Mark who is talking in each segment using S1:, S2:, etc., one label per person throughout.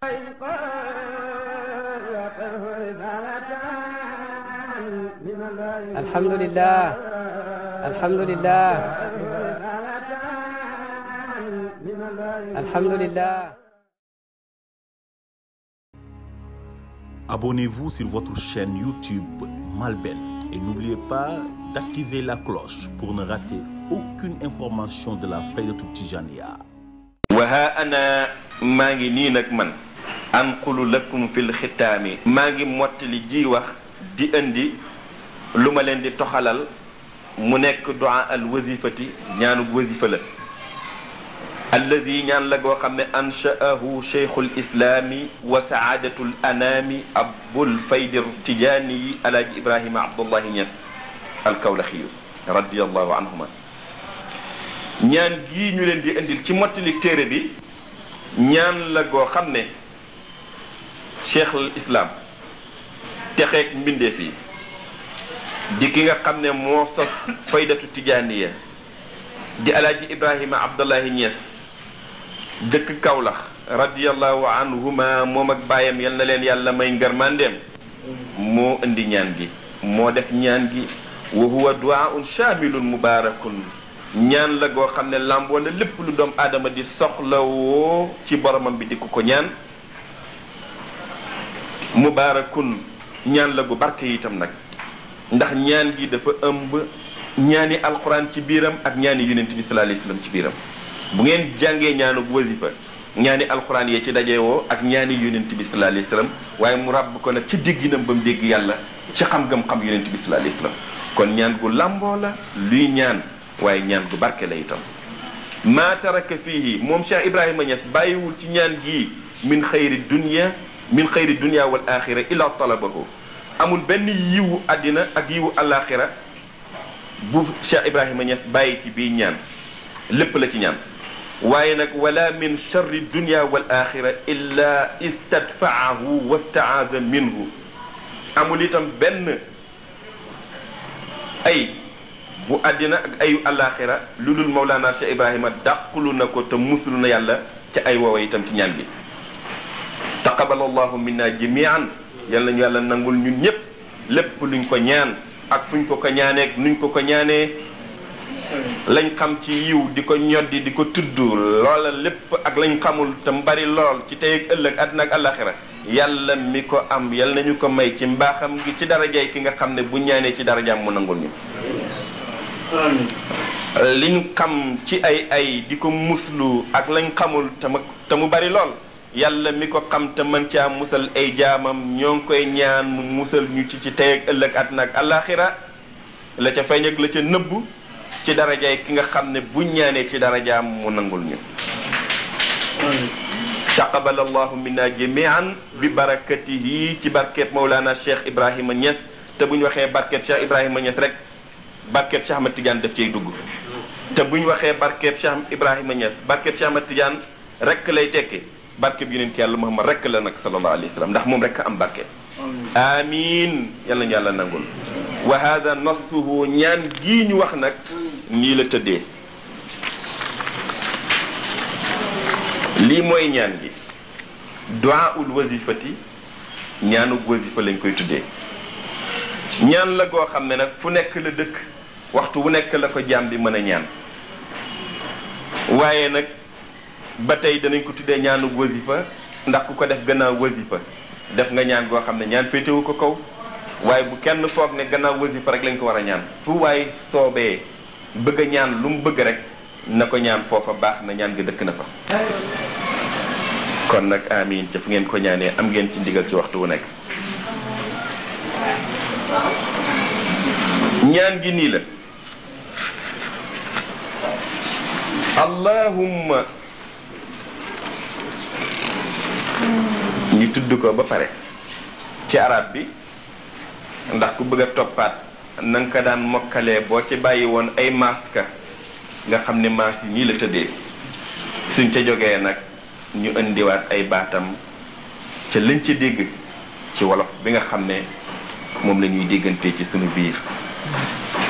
S1: alhamdulilah alhamdulilah alhamdulilah. Abonnez-vous sur votre chaîne YouTube Malben et n'oubliez pas d'activer la cloche pour ne rater aucune information de la Faydatou Tijaniyya. Wa haa ana maa ngi nii nag man. anqulu lakum fil xitaami maa ngi ji wax di indi lu ma leen di toxalal mu nekk du'a al wazifati ñaanu ñaan la goo xam ne ansha'ahu cheikhul islaami wa saadatul anaami abul faydir tijaani yi alaaji ibrahima abdullahi ñes anhuma ñaan gii ñu leen di indil ci mottali téere bi ñaan la goo xam cheikhul islaam texeeg mbindeef yi di ki nga xam ne moo sos faydatu tijaaniya di alaaji ibrahima abdallahi ñees dëkk kawlax radiallahu anhuma moom ak baayam yal na leen yàlla may ngërmandeem moo indi ñaan gi moo def ñaan gi wa huwa duaun chamilun mubarakun ñaan la goo xam ne làmboo na lépp lu doom aadama di soxlawoo ci boromam bi di ko ko ñaan mubaarakun ñaan la gu barke itam nag ndax ñaan gi dafa ëmb ñaani alquran ci biiram ak ñaani yonent bi sallallahu alayhi wasallam ci biiram bu ngeen jàngee ñaanu wasifa ñaani alquran yee ci daje ak ñaani yonent bi sallallahu alayhi wasallam waaye mu ràbb ko nag ci dégginam bam mu dégg yàlla ci xam-gam xam yonent bi sallallahu alayhi wasallam kon ñaan gu làmboo la luy ñaan waaye ñaan gu barke la itam maa taraka fiihi moom Cheikh Ibrahima Niass bàyyiwul ci ñaan gii min xayri dunya min xayri dunia wal axira illa talabahu amul benn yiwu àddina ak yiwu alaxira bu Cheikh Ibrahima Niass bàyyi ci bii ñaan lépp la ci ñaan waaye nag wala min charri dunia wal axira illa istadfaahu wastaada minhu amul itam benn ay bu àddina ak ayu alaxira lu dul Mawlaana Cheikh Ibrahima dàqulu na ko te muslu na yàlla ca ay woowa itam ci ñaan bi taqabalallahu minna jamian yal nañu yàlla nangul ñun ñëpp lépp luñ ko ñaan ak fuñ ko ko ñaanee nuñ ko ko ñaanee lañ xam ci yiw di ko ñoddi di ko tudd loola lépp ak lañ xamul te bari lool ci tey ak ëllëg àddina ak àllaxira yàlla mi ko am yal nañu ko may ci mbaaxam gi ci darajaay ki nga xam ne bu ñaanee ci darajaam mu nangul ñu liñ xam ci ay ay di ko muslu ak lañ xamul te mu bari lool yàlla mi ko xam te mën caa musal ay jaamam ñoo koy ñaan mu musal ñu ci ci tey ak ëllëg àddina ak la ca feeñ la ca nëbb ci darajaay ki nga xam ne buñ ñaanee ci darajaam mu nangul ñu taqabal allahu minna jamian bi barakatihi ci barket Mawlana Cheikh Ibrahima Niass te bu ñu waxee barket Cheikh Ibrahima Niass rek barket Cheikh Ahmed Tidiane daf cay dugg te bu ñu waxee barket Cheikh Ibrahima Niass barket Cheikh Ahmed Tidiane rek lay tekki barke bi yonent yàlla Muhammad rekk la nag sallallahu alayhi wa sallam ndax moom rek am barke amin yàlla ñu yàlla nangul wa hada ñaan gii ñu wax nag nii la tëddee lii mooy ñaan gi du'aul wazifati ñaanug wazifa lañ koy tuddee ñaan la goo xam ne nag fu nekk la dëkk waxtu wu nekk la ko jaam bi mën a ñaan waaye nag ba tey danañ ko tuddee ñaanu wasifa ndax ku ko def gannaaw wasifa def nga ñaan goo xam ne ñaan féetewu ko kaw waaye bu kenn foog ne gannaaw wasifa rek lañ ko war a ñaan fu waaye soobee bëgg a ñaan lu mu bëgg rek na ko ñaan foofa baax na ñaan gi dëkk na fa kon nag amiin ca fu ngeen ko ñaanee am ngeen ci ndigal ci waxtu wu nekk ñaan gi nii la allahumma ñu tudd ko ba pare ci arab bi ndax ku bëgg a toppaat na ko daan mokkalee boo ci bàyyi woon ay maska nga xam ni mas yi nii la tëdde suñ ca jógee nag ñu indiwaat ay baatam ca lañ ci dégg ci wolof bi nga xam ne moom lañuy diggante ci suñu biir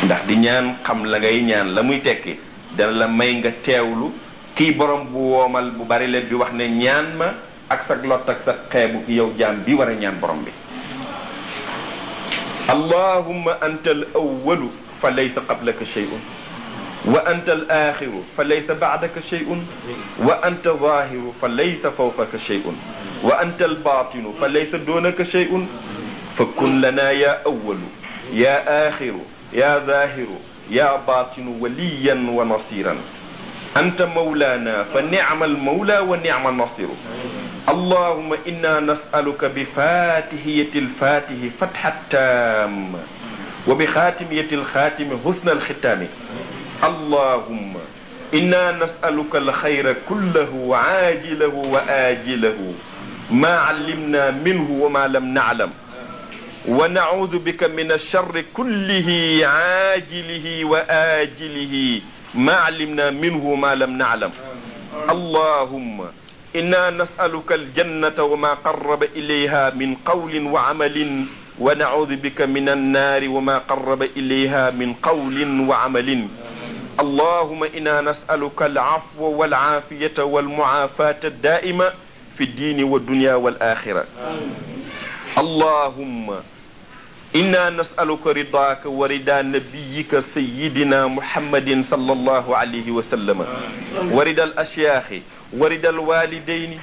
S1: ndax di ñaan xam la ngay ñaan la muy tekki dana la may nga teewlu kiy borom bu woomal bu bari leen bi wax ne ñaan ma ak sa lot ak sa xeebu yow jaam bi war a ñaan borom bi allahumma anta al awalu fa laysa qablaka shay'un wa anta al axiru fa laysa baadaka shay'un wa anta zahiru fa laysa fawqaka shay'un wa anta al batinu fa laysa doonaka shay'un fa kun lana ya awalu ya axiru ya zahiru ya batinu waliyan wa nasiran anta mawlana fa ni'ma al mawla wa ni'ma nasiru allahuma inna nasaluka bi fatihiyati alfatihi fatha taam wa bi xaatimiyati alxaatimi husna alxitaami allahuma inna nasaluka alxayra kullahu aajilahu wa aajilahu ma allimna minhu wa ma lam naclam wa naudu bika min alcharri kullihi aajilihi wa aajilihi ma allimna minhu wa ma lam naclam allahuma inna nasaluka aljannata wa ma qaraba ilayha min qawlin wa amalin wa naudu bika min annaari wa ma qaraba ilayha min qawlin wa amalin allahuma inna nasaluka alafwa walafiyata walmucaafata addaa'ima fi ddiini waddunya walaxira allahumma inna nasaluka ridaaka wa rida nabiyika sayidina muhammadin sallallahu alayhi wa sallama wa rida al ashyaaxi waridal walidayni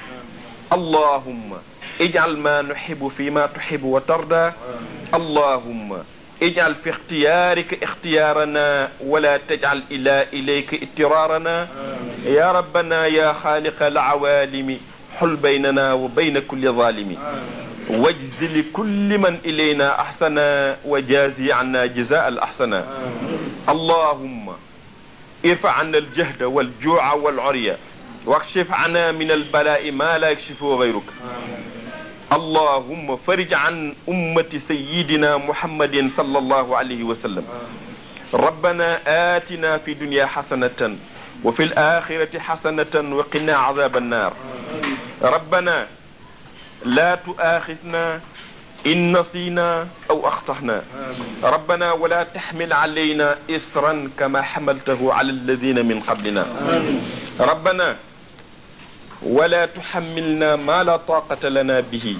S1: allahumma ijal ma nuxibu fi ma tuxibu wa tarda allahumma ijal fi ixtiyaarika ixtiyaarana wala tajal ila ilayka ittiraarana ya rabbana ya xaaliqa alcawaalimi xul baynana wa bayna kulli zaalimi wajzi li kulli man ilayna axsana wa jaazi anna jazaa al axsana allahumma irfa anna aljahda waljuuca walcurya wakshif ana min albalaa'i maa laa yakshifu gayruk allahumma farij an ummati sayyidina muhammadin sallallahu alayhi wa sallam rabbana aatina fi dunya xasanatan wa fi alaaxirati xasanatan wa qina azaaba annaar rabbana laa tuaaxisna in nasiina aw axtaxna rabbana wala taxmil alayna isran kama xamaltahu ala alladina min qablina rabbana wala tuxammilna ma la taqata lana bihi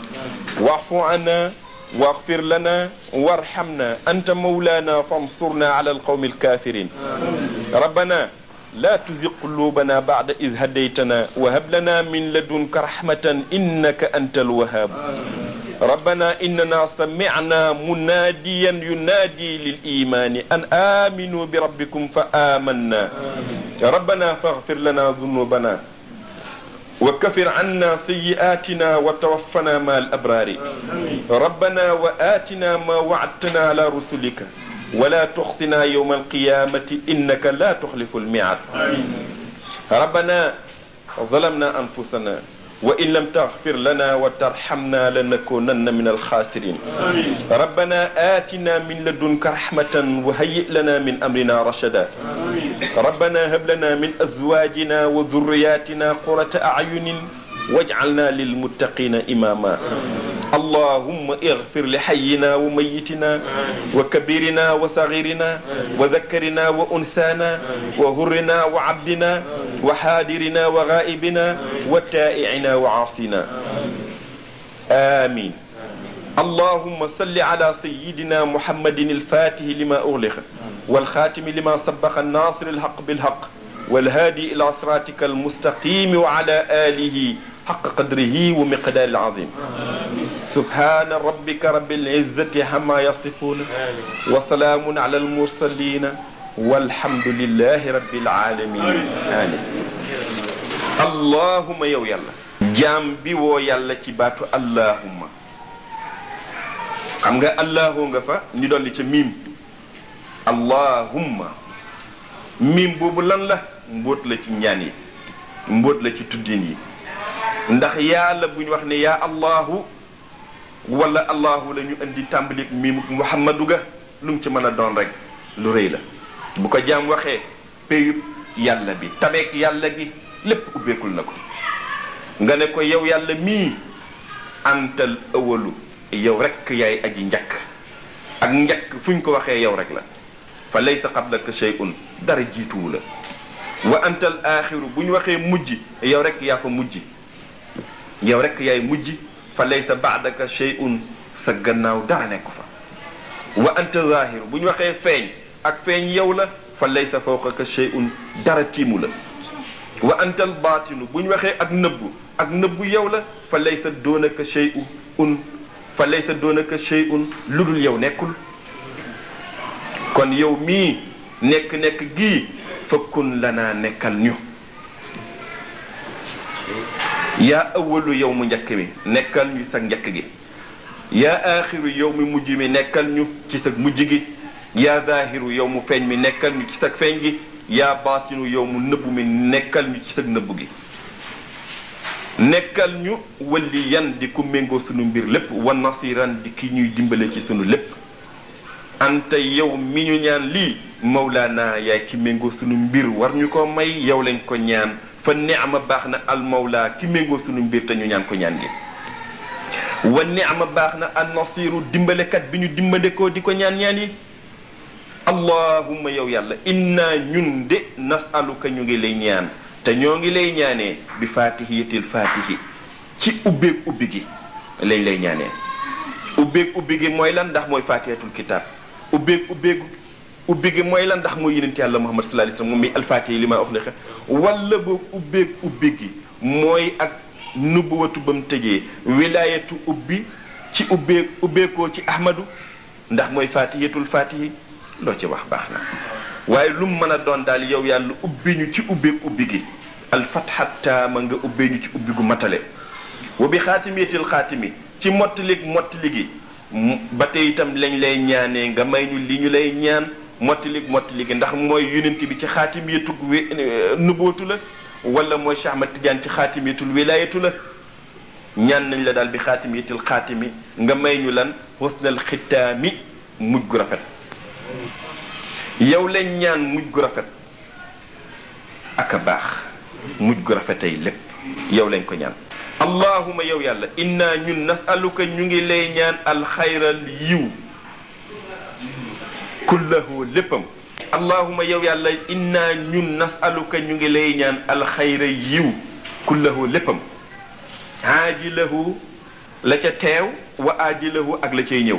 S1: waxfu anna waxfir lana warhamna anta mawlana fansurna ala alqawmi alkafirin rabbana la tuzig qulubana bada id hadaytana wa hab lana min ladunka rahmatan innaka anta alwahab ربنا إننا سمعنا مناديا ينادي للإيمان أن آمنوا بربكم فآمنا ربنا فاغفر لنا ذنوبنا وكفر عنا سيئاتنا وتوفنا مع الأبرار ربنا وآتنا ما وعدتنا على رسلك ولا تخصنا يوم القيامة إنك لا تخلف الميعاد ربنا ظلمنا أنفسنا wa in lam taxfir lana wa tarxamna lanakunanna min alxaasirin rabbana atina min ladunka raxmatan wa hayyi lana min amrina rachada rabbana hab lana min azwajina wa zurriyatina qurata ayunin واجعلنا للمتقين إماما اللهم اغفر لحينا وميتنا وكبيرنا وصغيرنا وذكرنا وأنثانا وهرنا وعبدنا وحاضرنا وغائبنا وتائعنا وعاصنا آمين اللهم صل على سيدنا محمد الفاتح لما أغلق والخاتم لما سبق الناصر الحق بالحق والهادي إلى صراطك المستقيم وعلى آله xaqa qadrihi wa miqdaari alazim subhaana rabbika rabbil izzati amma yasifuuna wa salaamun ala almursalina walhamdulillahi rabbil alamin amin allahuma yow yàlla jaam bi woo yàlla ci baatu allahuma xam nga allahu nga fa ñu dolli ca miim allahumma miim boobu lan la mbóot la ci ñaan yi mbóot la ci tuddin yi ndax yàlla la bu ñu wax ne yaa allahu wala allahu la ñu indi tàmbali miimu muhammadu ga lu mu ci mën a doon rek lu rëy la bu ko jaam waxee péyub yàlla bi tabeek yàlla gi lépp ubbeekul na ko nga ne ko yow yàlla mii antal ëwalu yow rekk yaay aji njëkk ak njëkk fu ñu ko waxee yow rek la fa laysa qablaka shay'un dara jiituwu la wa antal aaxiru bu ñu waxee mujj yow rek yaa fa mujj yow rek yaay mujj fa laysa baadaka shay'un sa gannaaw dara nekk fa wa anta zahir bu ñu waxee feeñ ak feeñ yow la fa laysa fawqaka shay'un dara tiimu la wa anta al baatinu bu ñu waxee ak nëbbu ak nëbbu yow la fa laysa doonaka shay'un fa laysa doonaka shay'un lu dul yow nekkul kon yow mii nekk-nekk gii fakkun lanaa nekkal ñu yaa awalu yow mu njëkk mi nekkal ñu sa njëkk gi yaa yow mi mujj mi nekkal ñu ci sa mujj gi yaa zaahiru yow mu feeñ mi nekkal ñu ci sag feeñ gi yaa baatinu yow mu nëbb mi nekkal ñu ci sa nëbb gi nekkal ñu wëlli yan di ku méngoo sunu mbir lépp wa nasiran di ki ñuy dimbale ci sunu lépp anta yow mi ñu ñaan lii mawlaana yaay ki méngoo sunu mbir war ñu ko may yow lañ ko ñaan fa ni'ma baax na almawla ki méngoo sunu mbir te ñu ñaan ko ñaan gi wa ni'ma baax na annasiru dimbalekat bi ñu dimbalekoo di ko ñaan ñaan yi allahumma yow yàlla inna ñun de nasaluka ñu ngi lay ñaan te ñoo ngi lay ñaanee bi fatihiyatil fatihi ci ubbeeg ubbi gi lañ lay ñaanee ubbeeg ubbi gi mooy lan ndax mooy fatihatul kitab ubbeeg ubbeeg ubbi gi mooy lan ndax mooy yonent yàlla Muhammad sallallahu alayhi wasallam moom mi alfaatihi li ma wax ne xe wala boog ubbi gi mooy ak nubuwatu ba mu tëjee wilaayatu ubbi ci ubbee ndax mooy faatihatul faatihi loo ci wax baax na waaye lu mën a doon daal yow yàlla ubbi ci ubbeeg ubbi gi alfatxatta ma nga ubbee ñu ci ubbi gu matale wa bi xaatimiyatil xaatimi ci mottalik mottali gi ba tey itam lañ lay ñaanee nga may ñu li ñu lay ñaan mottali mottali gi ndax mooy yonent bi ci xaatim yetug wi eh, nubootu la wala mooy Cheikh Ahmad Tidiane ci xaatim la ñaan nañ la daal bi xaatim yetul xaatimi nga may ñu lan husnal xitaami mujj gu rafet yow lañ ñaan mujj gu rafet ak a baax mujj gu rafetay lépp yow lañ ko ñaan allahuma yow yàlla inna ñun nasaluka ñu ngi lay ñaan alxayral yiw kullahu léppam allahuma yow yàlla inna ñun nasaluka ñu ngi lay ñaan alxayra yiw kullahu léppam aajilahu la ca teew wa aajilahu ak la cay ñëw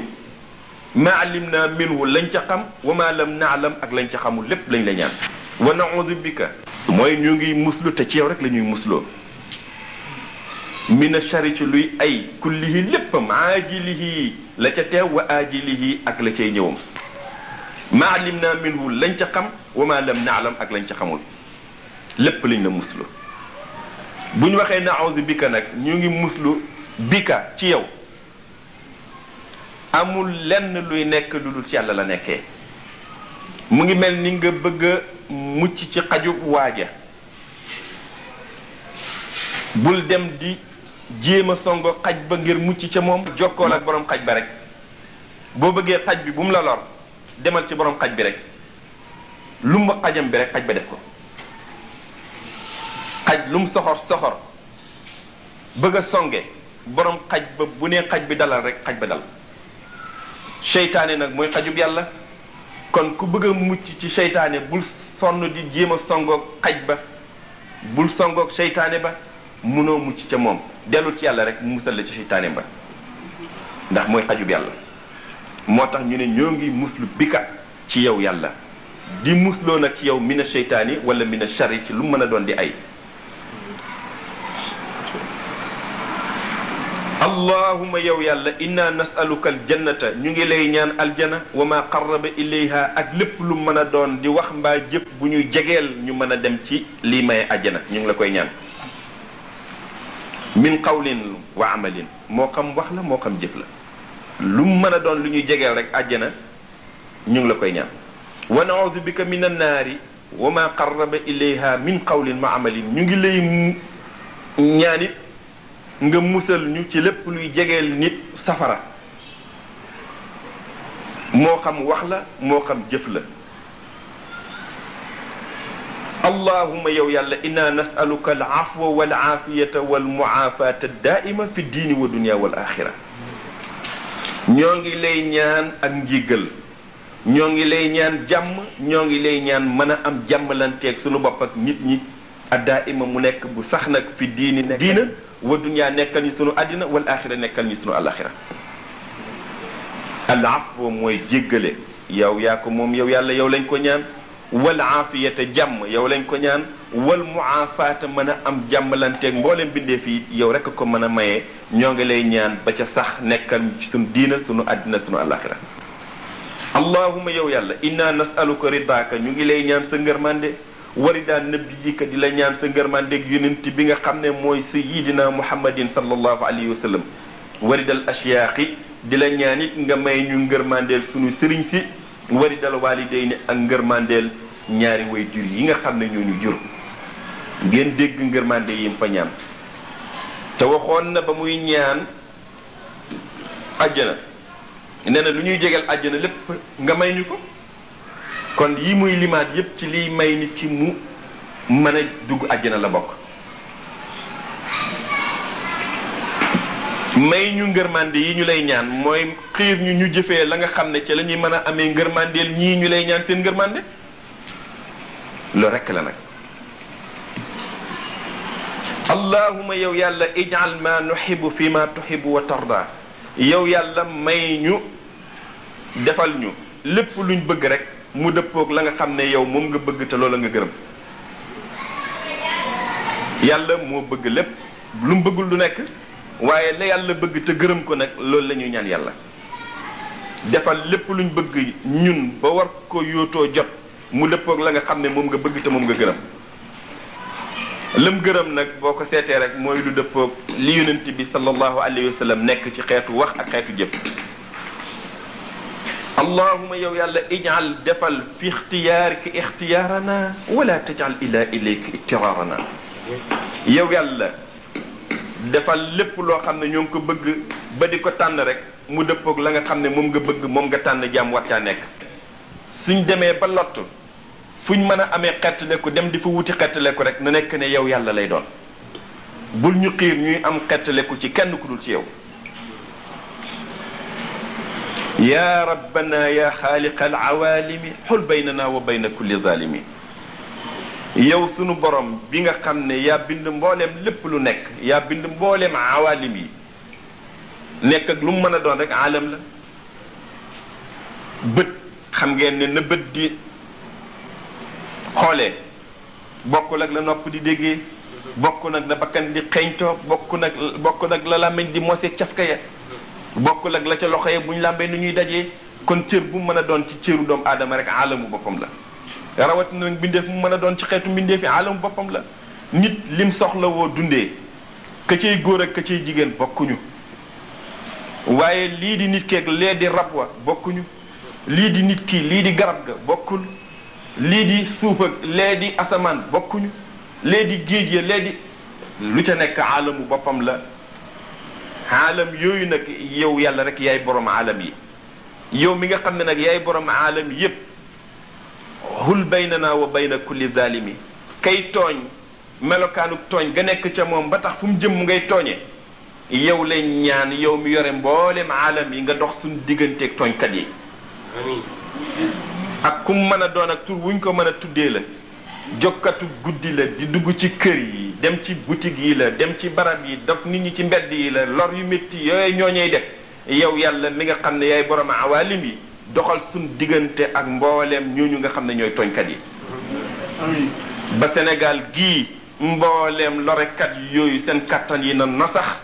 S1: ma alim naa minhu lañ ca xam wa ma lam naalam ak lañ ca xamul lépp lañ la ñaan wa naudu bika mooy ñu ngi muslu te ci yow rek lañuy ñuy musloo mina shari ci luy ay kullihi léppam aajilihi la ca teew wa aajilihi ak la cay ñëwam maa lim naa minhu lañ ca xam wa naalam ak lañ ca xamul lépp liñ la muslu bu ñu waxee naawzu bika nag ñu ngi muslu bika ci yow amul lenn luy nekk lu dul ci yàlla la nekkee mu ngi mel ni nga bëgg a mucc ci xajub waaja bul dem di jéem a songo xaj ba ngir mucc ca moom jokkool ak borom xaj ba rek boo bëggee xaj bi bu mu la lor demal ci borom xaj bi rek lu mu xajam bi rek xaj ba def ko xaj lu mu soxor soxor bëgg a songe boroom xaj ba bu nee xaj bi dalal rek xaj ba dal seytaane nag mooy xajub yàlla kon ku bëgg a mucc ci seytaane bul sonn di jéem a songook xaj ba bul songoog seytaane ba munoo mucc ca moom dellul ci yàlla rek mu musal la ci seytaane ba ndax mooy xajub yàlla moo tax ñu ne ñoo ngi muslu bika ci yow yàlla di musloo nag ci yow mina seytaani wala mina shari ci lu mën a doon di ay allahuma yow yàlla inna nasaluka aljannata ñu ngi lay ñaan aljana wa ma qarraba ilayha ak lépp lu mën a doon di wax mbaa jëf bu ñuy jegeel ñu mën a dem ci lii may ajjana ñu ngi la koy ñaan min qawlin wa amalin moo xam wax la moo xam jëf la lu mën a doon lu ñuy jegeel rek àjjana ñu ngi la koy ñaan wa naudu bika min annaari wa ma qarraba ilayha min qawlin ma amalin ñu ngi lay ñaan it nga musal ñu ci lépp luy jegeel nit safara moo xam wax la moo xam jëf la allahuma yow yàlla inna nasaluka al afwa wal aafiyata wal muaafata daaima fi diini wa dunia wal axira ñoo ngi lay ñaan ak njiggal ñoo ngi lay ñaan jàmm ñoo ngi lay ñaan mën a am jàmmalanteeg suñu bopp ak nit ñi addaa ima mu nekk bu sax nag fi diini nekk diina wa dunyaa nekkal ñu sunu àddina wal axira nekkal ñu sunu alaxira al afwa mooy jéggale yow yaa ko moom yow yàlla yow lañ ko ñaan wal aafiyata jàmm yow lañ ko ñaan wal muaafaata mën a am jàmbalanteek mbooleem bindee fii yow rek ko mën a maye ñoo ngi lay ñaan ba ca sax nekkal sunu diina sunu àddina sunu àllaaxira allahuma yow yàlla inna nasaluka ridaaka ñu ngi lay ñaan sa ngërmande waridaa nabiyika di la ñaan sa ngërmandeeg yonent bi nga xam ne mooy sayidina muhammadin sallallahu alayhi wa sallam waridal ashiyaaqi di la ñaan it nga may ñu ngërmandeel sunu sëriñ si waridal waalidayni ak ngërmandeel ñaari way yi nga xam ne ñoo ngeen dégg ngërmande yim fa ñaan te waxoon na ba muy ñaan àjjana nee na lu ñuy jegal àjjana lépp nga may ñu ko kon yi muy limaat yépp ci liy may nit ci mu mën a dugg àjjana la bokk may ñu ngërmande yi ñu lay ñaan mooy xiir ñu ñu jëfee la nga xam ne ci la ñuy mën a amee ngërmandeel ñii ñu lay ñaan seen ngërmande lu rekk la nag allahuma yow yàlla ijal ma nuxibu fi ma tuxibu wa tarda yow yàlla may ñu defal ñu lépp luñ bëgg rek mu dëppook la nga xam ne yow moom nga bëgg te loola nga gërëm yàlla moo bëgg lépp lu mu bëggul du nekk waaye la yàlla bëgg te gërëm ko nag loolu la ñuy ñaan yàlla defal lépp lu luñ bëgg ñun ba war ko yootoo jot mu dëppoog la nga xam ne moom nga bëgg te moom nga gërëm lëm gërëm nag boo ko seetee rek mooy lu dëppoog li yonent bi sallallahu alayhi wa sallam nekk ci xeetu wax ak xeetu jëf allahuma yow yàlla ijal defal fi ixtiyaarika ixtiyaarana wala tajal ila ilayka ittiraarana yow yàlla defal lépp loo xam ne ñoo ngi ko bëgg ba di ko tànn rek mu dëppoog la nga xam ne moom nga bëgg moom nga tànn jaam war caa nekk suñ demee ba lott fu ñu mën a amee xettaleku dem di fa wuti xettaleku rek na nekk ne yaw yàlla lay doon bul ñu xiir ñuy am xettaleku ci kenn ku dul ci yow yaa rabbana ya xaaliqa alawalimi xul baynana wa bayna kulli zalimi yow sunu borom bi nga xam ne yaa bind mbooleem lépp lu nekk yaa bind mbooleem awalim yi nekk ak lu mu mën a doon rek aalam la bët xam ngeen ne na bët di xoolee bokkul ak la nopp di déggee bokk nag la bakkan di xeeñtoo bokk nag bokk nag la làmmiñ di mose cafka ya bokkul ak la ca loxo ya bu ñu làmbee nu ñuy dajee kon cër bu mën a doon ci cëru doomu aadama rek alamu boppam la rawatina nag mbindeef mu mën a doon ci xeetu mbindeef yi alamu boppam la nit lim soxla woo dundee ka cay góor ak ka jigéen bokkuñu waaye lii di nit keeg lee di rab wa bokkuñu lii di nit kii lii di garab ga bokkul lii di suuf lee di asamaan bokkuñu lee di géej ya lee di lu ca nekk aalamu boppam la aalam yooyu nag yow yàlla rek yaay boroom aalam yi yow mi nga xam ne nag yaay borom aalam yépp hul baynana wa bayna kulli zalimi kay tooñ melokaanu tooñ ga nekk ca moom ba tax fu mu jëm mu ngay tooñe yow lay ñaan yow mi yore mboolem aalam yi nga dox suñu digganteek tooñkat yi ak kum mën a doon ak tur wuñ ko mën a tuddee la jokkatu guddi la di dugg ci kër yi dem ci boutique yi la dem ci barab yi dog nit ñi ci mbedd yi la lor yu métti yooyu ñoo ñuy def yow yàlla mi nga xam ne yaay borom awaalim yi doxal suñ diggante ak mbooleem ñooñu nga xam ne ñooy tooñkat yi ba Sénégal gii mbooleem lorekat yooyu seen kattan yi na nasax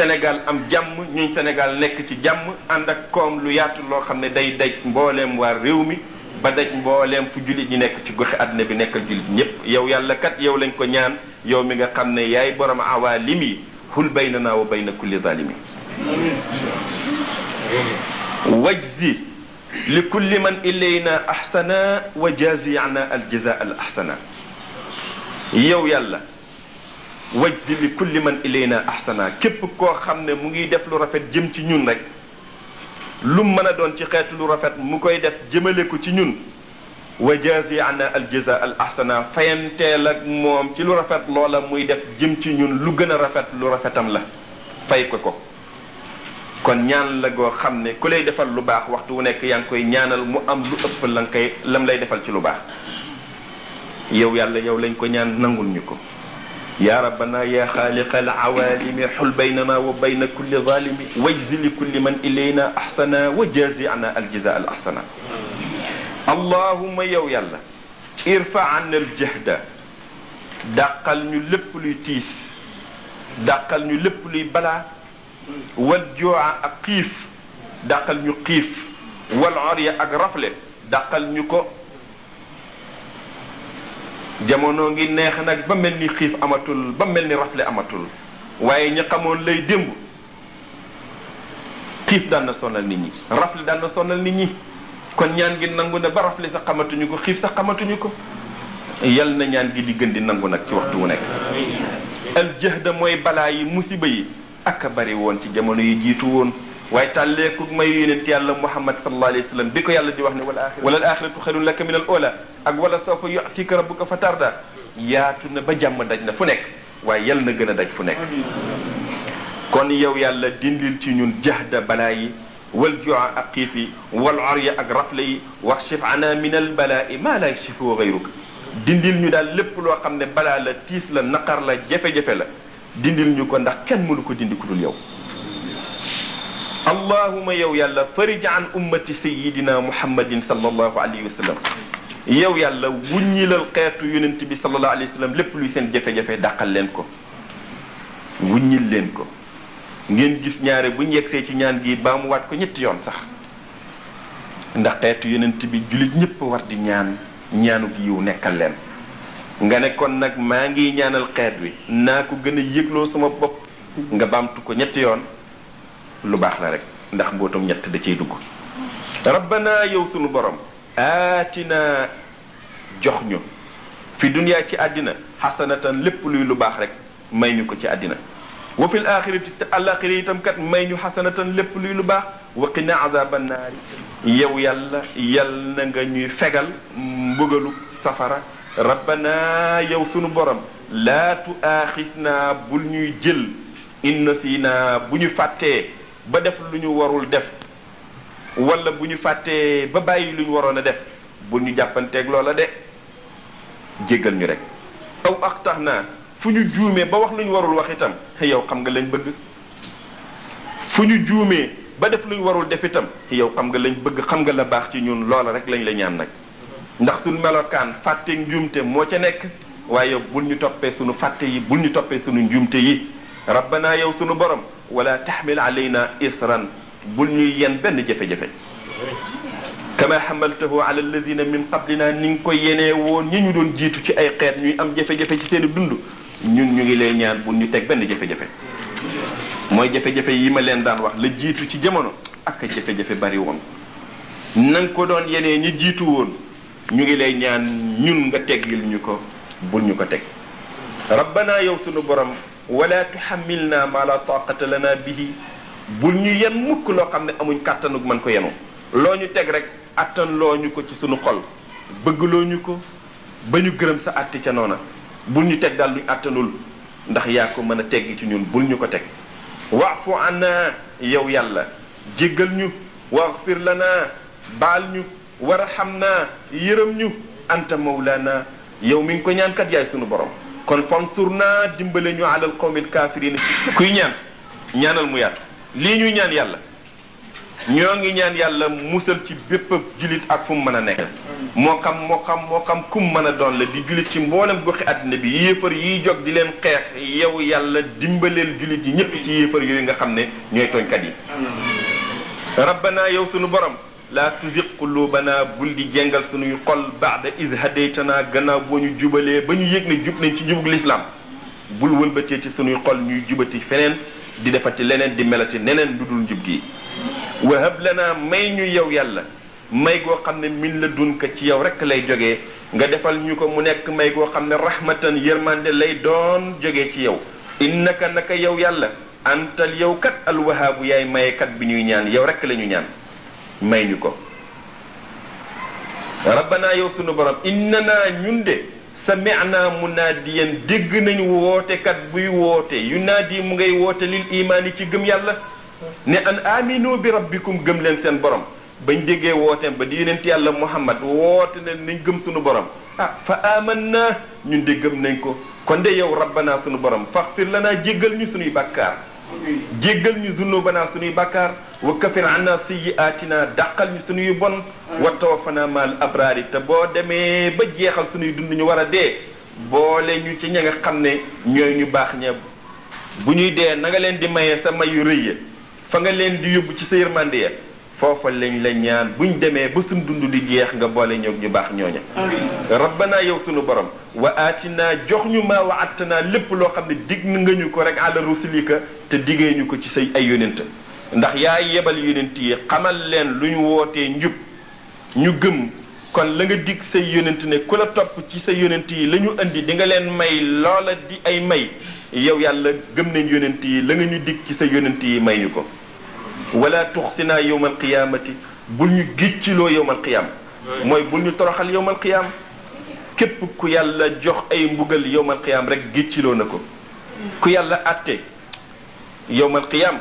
S1: senegal am jàmm ñuñ senegal nekk ci jàmm ànd ak koom lu yaatu loo xam ne day daj mbooleem waa réew mi ba daj mbooleem fu jullit ñi nekk ci goxe àddina bi nekkal jullit ñépp yow yàlla kat yow lañ ko ñaan yow mi nga xam ne yaay borom awaalim yi hul baynana wa bayna kulli zalimi wajzi li kulli man ilayna ahsana wa jazina al jaza al yow yàlla wajzi li kulli man na ahsana képp koo xam ne mu ngiy def lu rafet jëm ci ñun rek lu mën a doon ci xeetu lu rafet mu koy def jëmale ko ci ñun wa jazi ana al jaza al ahsana fayanteel ak moom ci lu rafet loola muy def jëm ci ñun lu gën a rafet lu rafetam la fay ko ko kon ñaan la koo xam ne ku lay defal lu baax waxtu wu nekk yaa ngi koy ñaanal mu am lu ëpp la koy lam lay defal ci lu baax yow yàlla yow lañ ko ñaan nanguñu ko yaa rabbana yaa xaaliqa alawalimi xul baynana wa bayna kulli zalimi wajzi li kulli man ilayna axsana wa jaziana aljiza al axsana allahuma yow yàlla irfa an aljahda dàqal ñu lépp luy tiis dàqal ñu lépp luy balaa wal jooa ak xiif dàqal ñu xiif wal orya ak rafle dàqal ñu ko jamono ngi neex nag ba mel ni xiif amatul ba mel ni rafle amatul waaye ña xamoon lay démb xiif daan na sonal nit ñi rafle daan na nit ñi kon ñaan gi nangu na ba rafle sax xamatuñu ko xiif sax xamatuñu ko yal na ñaan gi di gën di nangu nag ci waxtu wu nekk aljahda mooy balaa yi musiba yi ak a bari woon ci jamono yi jiitu woon waaye tàlleeku mayu yonent yàlla muhammad sallallahu alayhi wa sallam bi ko yàlla di wax ne wala wala al axiratu xayrun laka min al ola ak wala sawfa yutika rabbuka fa tarda yaatu na ba jàmm daj na fu nekk waaye yàlla na gën a daj fu nekk kon yow yàlla dindil ci ñun jahda balaa yi wal jua ak xiif yi wal orya ak rafle yi wax chif ana min al balaa maa laa chifu dindil ñu daal lépp loo xam ne balaa la tiis la naqar la jafe-jafe la dindil ñu ko ndax kenn mënu ko dindi ku dul yow allahuma yow yàlla farij an ummati sayidina muhammadin sallallahu alayhi wa sallam yow yàlla wuññilal xeetu yonent bi sallallahu alayhi wa sallam lépp luy seen jafe-jafe dàqal leen ko wuññil leen ko ngeen gis ñaare buñ yegsee ci ñaan gi baa mu waat ko ñetti yoon sax ndax xeetu yonent bi jullit ñëpp war di ñaan ñaanu gi yiw nekkal leen nga nekkoon nag maa ngi ñaanal xeet wi naa ko gën a yëgloo sama bopp nga baamtu ko ñetti yoon lu baax la rek ndax mbootum ñett da cey dugg rabbana yow sunu borom aatina jox ñu fi duniyaa ci àddina xasanatan lépp luy lu baax rek may ñu ko ci àddina wa fil axirati te àlaxira itam kat may ñu xasanatan lépp luy lu baax wa qina azaba naari yow yàlla yal na nga ñuy fegal mbugalu safara rabbana yow sunu borom laa tu aaxis naa ñuy jël inna si bu ñu fàttee ba def lu ñu warul def wala bu ñu fàttee ba bàyyi lu ñu waroon a def bu ñu jàppanteeg loola de jéggal ñu rek aw ax tax naa fu ñu juumee ba wax lu ñu warul wax itam yow xam nga lañ bëgg fu juumee ba def lu ñu warul def itam yow xam nga lañ bëgg xam nga la baax ci ñun loola rek lañ la ñaan nag ndax suñu melokaan fàtte njuumte moo ca nekk waaye bul ñu toppee sunu fàtte yi bul ñu toppee suñu njuumte yi rabbana yow sunu borom wala taxmil alayna isran bul ñuy yen benn jafe-jafe kama xamaltahu ala alladina min qablina ni nga ko yenee woon ñi ñu doon jiitu ci ay xeet ñuy am jafe-jafe ci seen dund ñun ñu ngi lay ñaan bul ñu teg benn jafe-jafe mooy jafe-jafe yi ma leen daan wax la jiitu ci jamono ak jafe-jafe bari woon na ko doon yenee ñi jiitu woon ñu ngi lay ñaan ñun nga teggil ñu ko bul ñu ko teg rabbana yow sunu borom wala tuhammilna ma la taqata lana bihi bul ñu yen mukk loo xam ne amuñ kàttanug mën ko yenu loo ñu teg rek àttanloo ñu ko ci suñu xol bëgg ñu ko ba ñu gërëm sa àtti ca noona bul ñu teg daal luñ àttanul ndax yaa ko mën a tegg ci ñun bul ñu ko teg waafu anna yow yàlla jéggal ñu waxfir lana baal ñu war a xam warhamna yërëm ñu anta mawlana yow mi ngi ko ñaan kat yaay sunu borom kon fansurna dimbale ñu alal qawmil kaafiriin kuy ñaan ñaanal mu yaatu lii ñuy ñaan yàlla ñoo ngi ñaan yàlla musal ci bépp jullit ak fu mën a nekk moo xam moo xam moo xam kum mën a doon la di jullit ci mboolem goxi àddina bi yéefar yiy jog di leen xeex yow yàlla dimbaleel jullit yi ñëpp ci yéefar yooyu nga xam ne ñooy tooñkat yi rabbana yow sunu borom laa tuziq qulubana bul di jengal sunuy xol baada iz hadaytana gannaaw boo ñu jubalee ba ñu yëg ne jub nañ ci jubug lislaam bul wëlbatee ci sunuy xol ñuy jubati feneen di ci leneen di melati neneen lu dul jub gi wahab lana may ñu yow yàlla may goo xam ne min la dunka ci yow rek lay jógee nga defal ñu ko mu nekk may goo xam ne rahmatan yërmande lay doon jóge ci yow innaka naka yow yàlla antal yow kat alwahaabu yaay mayekat bi ñuy ñaan yow rek la ñu ñaan may ñu ko rabbana yow sunu borom naa ñun de sami'na munaadiyan dégg nañu wootekat buy woote yu naadi mu ngay woote lil imaan yi ci gëm yàlla ne an aminu bi rabbikum gëm leen seen borom bañ déggee wooteem ba di yonent yàlla muhammad woote na nañ gëm sunu borom ah fa amanna ñun de gëm nañ ko kon de yow rabbana sunu borom faxfir lanaa jéggal ñu sunuy bàkkaar jéggal ñu zunubanaa suñuy bàkkaar wa kafir yi atina dàqal ñu suñuy bon wa tawaffanaa ma'al yi te boo demee ba jeexal suñuy dund ñu war a dee boole ñu ci ña nga xam ne ñooy ñu baax ña bu ñuy dee na nga leen di mayee sa may yu rëy ya fa nga leen di yóbbu ci sa yërmande foofa lañ la ñaan buñ demee ba suñ dund di jeex nga boole ñoog ñu baax ñooña rabbana yow suñu borom wa aatinaa jox ñu maa wa attanaa lépp loo xam ne dig nga ñu ko rek ala rusulika te digee ñu ko ci say ay yonent ndax yaa yebal yonent yi xamal leen lu ñu wootee njub ñu gëm kon la nga dig say yonent ne ku la topp ci sa yonent yi la ñu indi di nga leen may loola di ay may yow yàlla gëm nañ yonent yi la nga ñu dig ci sa yonent yi may ñu ko wala tuxsinaa yowmal qiyaamati bul ñu gicciloo yowmal qiyaam mooy bul ñu toroxal yowmal qiyaam képp ku yàlla jox ay mbugal yowmal qiyaam rek gicciloo na ko ku yàlla àtte yowmal qiyaam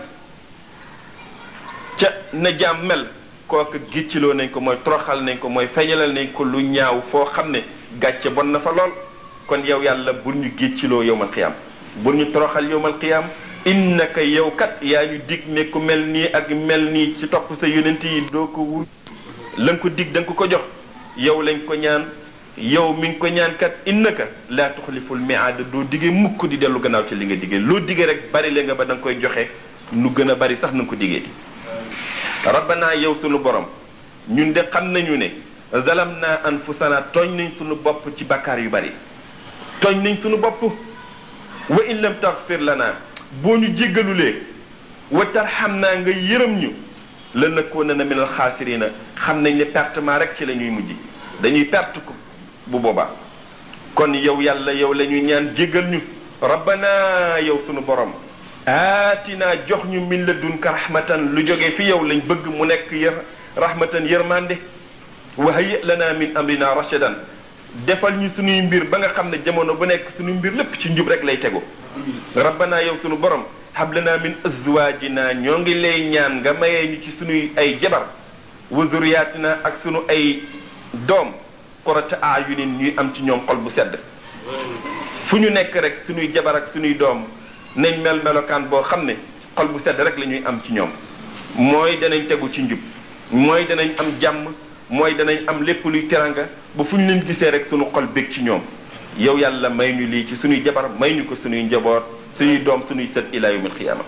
S1: ca na jaam mel kooku gicciloo nañ ko mooy toroxal nañ ko mooy feeñalal na ko lu ñaaw foo xam ne gàcce bon na fa lool kon yow yàlla bul ñu gicciloo yowmal qiyaam bul ñu toroxal yowmal qiyaam innaka yow kat yaa ñu digg ne ku mel nii ak mel nii ci topp sa yonent yi doo ko wut la ko dig da ko ko jox yow lañ ko ñaan yow mi ngi ko ñaan kat innaka laa tuxliful miaada doo digee mukk di dellu gannaaw ci li nga digee loo digee rek bari le ba da koy joxe nu gën a bari sax na nga ko digee rabbana yow sunu borom ñun de xam nañu ne zalam naa anfusana tooñ nañ sunu bopp ci bakkaar yu bari tooñ nañ sunu bopp wa in lam taxfir lana boo ñu jéggalulee wa xam naa nga yërëm ñu lan nakoona na minal xaasirina xam nañ ne pertement rek ci lañuy mujj dañuy perte ko bu boobaa kon yow yàlla yow lañuy ñuy ñaan jéggal ñu rabbana yow sunu borom aatinaa jox ñu min la dunka rahmatan lu jóge fi yow lañ bëgg mu nekk yër rahmatan yërmande wa hayya lana min amrina rashadan defal ñu suñuy mbir ba nga xam ne jamono ba nekk suñuy mbir lépp ci njub rek lay tegu rabbana yow suñu borom hablana ji naa ñoo ngi lay ñaan nga mayee ñu ci suñuy ay jabar wa zuriyatina ak suñu ay doom qurata ayunin ñuy am ci ñoom xol bu sedd fu ñu nekk rek suñuy jabar ak suñuy doom nañ mel melokaan boo xam ne xol bu sedd rek la ñuy am ci ñoom mooy danañ tegu ci njub mooy danañ am jàmm mooy danañ am lépp luy teranga ba fu ñu leen gisee rek suñu xol bég ci ñoom yow yàlla may ñu lii ci suñuy jabar may ñu ko suñuy njaboot suñuy doom suñuy sët ila yawmil xiyaama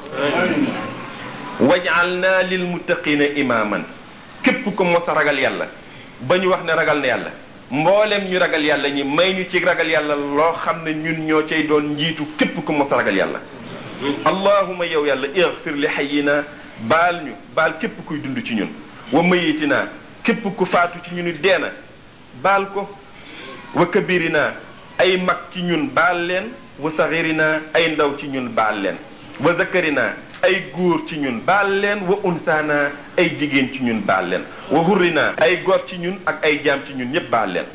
S1: waj'alna lil muttaqina imaaman képp ko mos a ragal yàlla ba ñu wax ne ragal na yàlla mboolem ñu ragal yàlla ñi may ñu ci ragal yàlla loo xam ne ñun ñoo cay doon njiitu képp ko mos a ragal yàlla allahuma yow yàlla igfir li xayina baal ñu baal képp kuy dund ci ñun wa mayitina képp ku faatu ci ñu ni deena baal ko wa kabirina ay mag ci ñun baal leen wa saxirina ay ndaw ci ñun baal leen wa zakarina ay góor ci ñun baal leen wa unsaana ay jigéen ci ñun baal leen wa hurrina ay góor ci ñun ak ay jaam ci ñun ñépp baal leen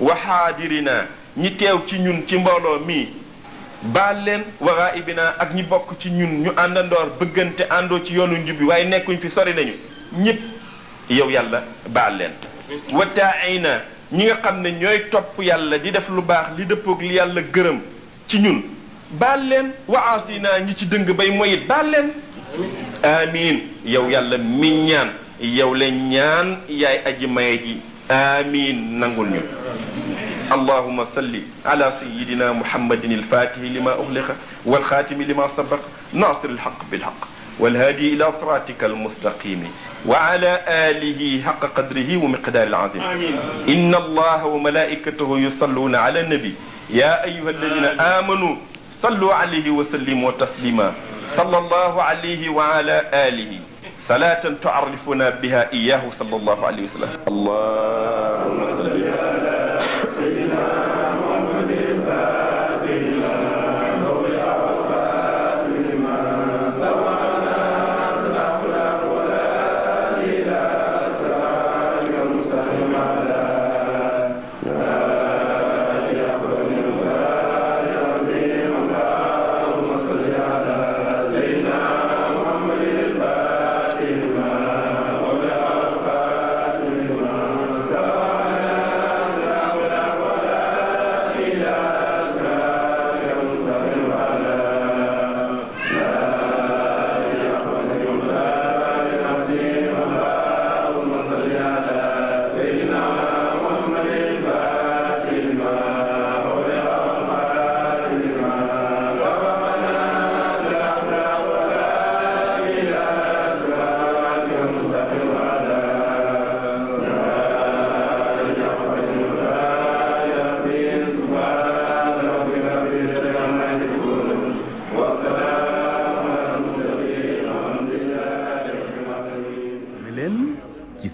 S1: wa xaadirina ñi teew ci ñun ci mbooloo mii baal leen wa gaaibina ak ñi bokk ci ñun ñu àndandoor bëggante àndoo ci yoonu njub bi waaye nekkuñ fi sori nañu ñépp yow yàlla baal leen wa na ñi nga xam ne ñooy topp yàlla di def lu baax li dëppoog li yàlla gërëm ci ñun baal leen wa asina ñi ci dëng bay moyit baal leen amin yow yàlla mi ñaan yow leen ñaan yaay aji maye ji amin nangul ñu allahuma salli ala sayidina muhammadin alfatihi lima uxliqa walxaatimi lima sabaq nasir alxaq bilxaq والهادي إلى صراطك المستقيم وعلى آله حق قدره ومقدار العظيم آمين. إن الله وملائكته يصلون على النبي يا أيها الذين آمنوا صلوا عليه وسلموا تسليما صلى الله عليه وعلى آله صلاة تعرفنا بها إياه صلى الله عليه وسلم اللهم صل على